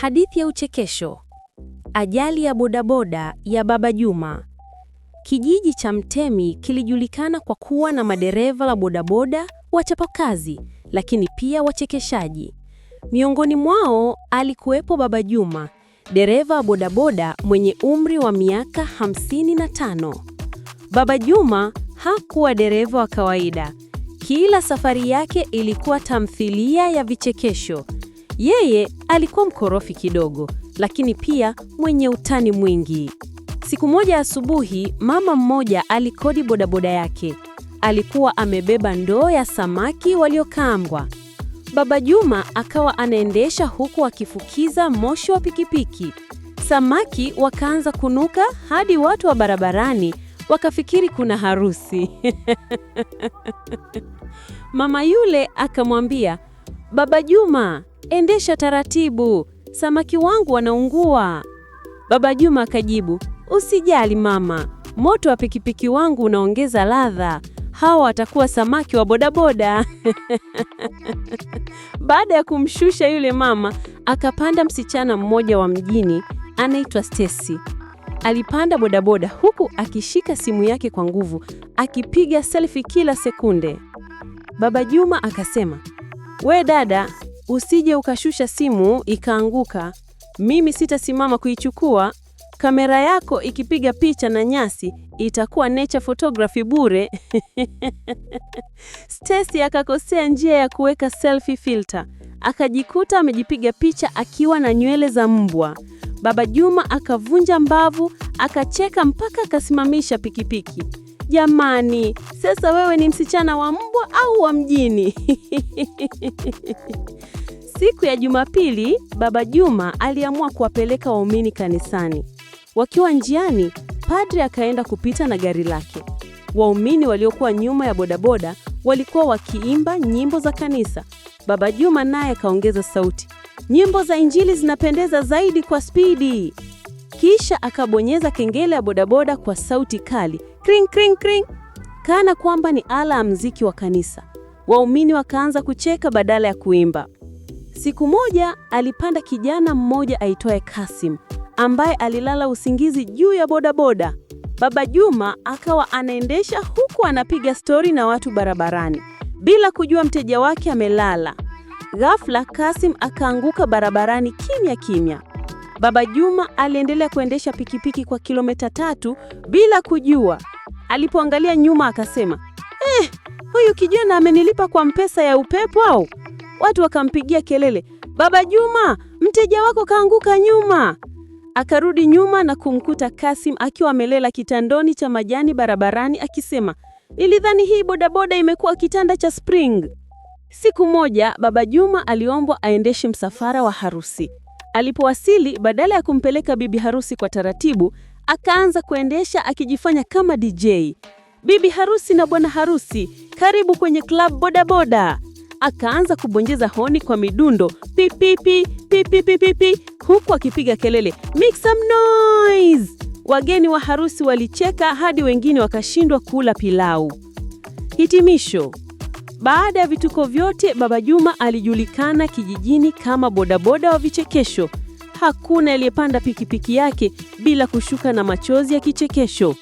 Hadithi ya uchekesho: ajali ya bodaboda ya Baba Juma. Kijiji cha Mtemi kilijulikana kwa kuwa na madereva la bodaboda wachapakazi, lakini pia wachekeshaji. Miongoni mwao alikuwepo Baba Juma, dereva wa bodaboda mwenye umri wa miaka 55. Baba Juma hakuwa dereva wa kawaida. Kila safari yake ilikuwa tamthilia ya vichekesho. Yeye alikuwa mkorofi kidogo, lakini pia mwenye utani mwingi. Siku moja asubuhi, mama mmoja alikodi bodaboda yake. Alikuwa amebeba ndoo ya samaki waliokaangwa. Baba Juma akawa anaendesha huku akifukiza moshi wa pikipiki. Samaki wakaanza kunuka hadi watu wa barabarani wakafikiri kuna harusi. Mama yule akamwambia, Baba Juma, Endesha taratibu, samaki wangu wanaungua. Baba Juma akajibu, usijali mama, moto wa pikipiki wangu unaongeza ladha. Hawa watakuwa samaki wa bodaboda. Baada ya kumshusha yule mama, akapanda msichana mmoja wa mjini anaitwa stesi Alipanda bodaboda huku akishika simu yake kwa nguvu, akipiga selfie kila sekunde. Baba Juma akasema, we dada, Usije ukashusha simu ikaanguka, mimi sitasimama kuichukua. Kamera yako ikipiga picha na nyasi itakuwa nature photography bure. Stacy akakosea njia ya kuweka selfie filter, akajikuta amejipiga picha akiwa na nywele za mbwa. Baba Juma akavunja mbavu, akacheka mpaka akasimamisha pikipiki. Jamani, sasa wewe ni msichana wa mbwa au wa mjini? Siku ya Jumapili, Baba Juma aliamua kuwapeleka waumini kanisani. Wakiwa njiani, padri akaenda kupita na gari lake. Waumini waliokuwa nyuma ya bodaboda walikuwa wakiimba nyimbo za kanisa. Baba Juma naye akaongeza sauti, nyimbo za Injili zinapendeza zaidi kwa spidi. Kisha akabonyeza kengele ya bodaboda kwa sauti kali, kring kring kring, kana kwamba ni ala ya mziki wa kanisa. Waumini wakaanza kucheka badala ya kuimba. Siku moja alipanda kijana mmoja aitwaye Kasim ambaye alilala usingizi juu ya bodaboda. Baba Juma akawa anaendesha huku anapiga stori na watu barabarani bila kujua mteja wake amelala. Ghafla Kasim akaanguka barabarani kimya kimya. Baba Juma aliendelea kuendesha pikipiki kwa kilomita tatu bila kujua. Alipoangalia nyuma akasema, eh, huyu kijana amenilipa kwa mpesa ya upepo au? Watu wakampigia kelele, Baba Juma, mteja wako kaanguka nyuma. Akarudi nyuma na kumkuta Kasim akiwa amelela kitandoni cha majani barabarani akisema, nilidhani hii bodaboda imekuwa kitanda cha spring. Siku moja Baba Juma aliombwa aendeshe msafara wa harusi. Alipowasili, badala ya kumpeleka bibi harusi kwa taratibu, akaanza kuendesha akijifanya kama DJ. Bibi harusi na bwana harusi, karibu kwenye club bodaboda akaanza kubonyeza honi kwa midundo pipipi pipipi pipi, huku akipiga kelele make some noise. Wageni wa harusi walicheka hadi wengine wakashindwa kula pilau. Hitimisho. Baada ya vituko vyote, Baba Juma alijulikana kijijini kama bodaboda wa vichekesho. Hakuna aliyepanda pikipiki yake bila kushuka na machozi ya kichekesho.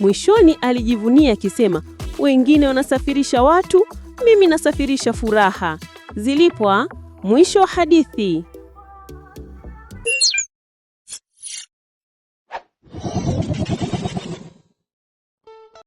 Mwishoni alijivunia akisema, wengine wanasafirisha watu, mimi nasafirisha furaha. Zilipwa, mwisho wa hadithi.